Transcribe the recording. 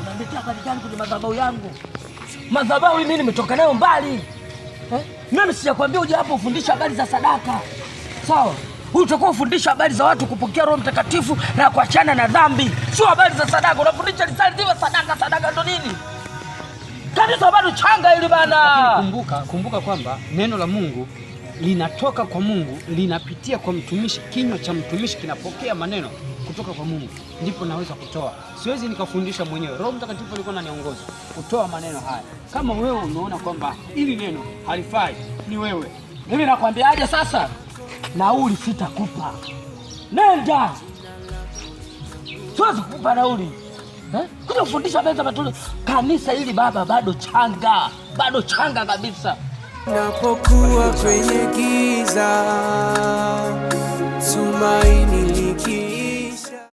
Unaniletea habari gani kwenye madhabahu yangu? Madhabahu mimi nimetoka nayo mbali eh? Mimi sijakwambia uje hapo ufundisha habari za sadaka sawa? Huyu utakuwa ufundisha habari za watu kupokea Roho Mtakatifu na kuachana na dhambi, sio habari za sadaka. Unafundisha lisaliziwa sadaka. Sadaka ndo nini? Kanisa bado changa ili bana. Kumbuka, kumbuka kwamba neno la Mungu linatoka kwa Mungu, linapitia kwa mtumishi, kinywa cha mtumishi kinapokea maneno kutoka kwa Mungu, ndipo naweza kutoa. Siwezi nikafundisha mwenyewe. Roho Mtakatifu alikuwa ananiongoza kutoa maneno haya. Kama wewe umeona kwamba hili neno halifai, ni wewe. Mimi nakwambiaje sasa? Nauli sitakupa, nenda. Siwezi kukupa nauli eh? kuja kufundisha beza matuli. Kanisa hili baba, bado changa, bado changa kabisa napokuwa kwenye giza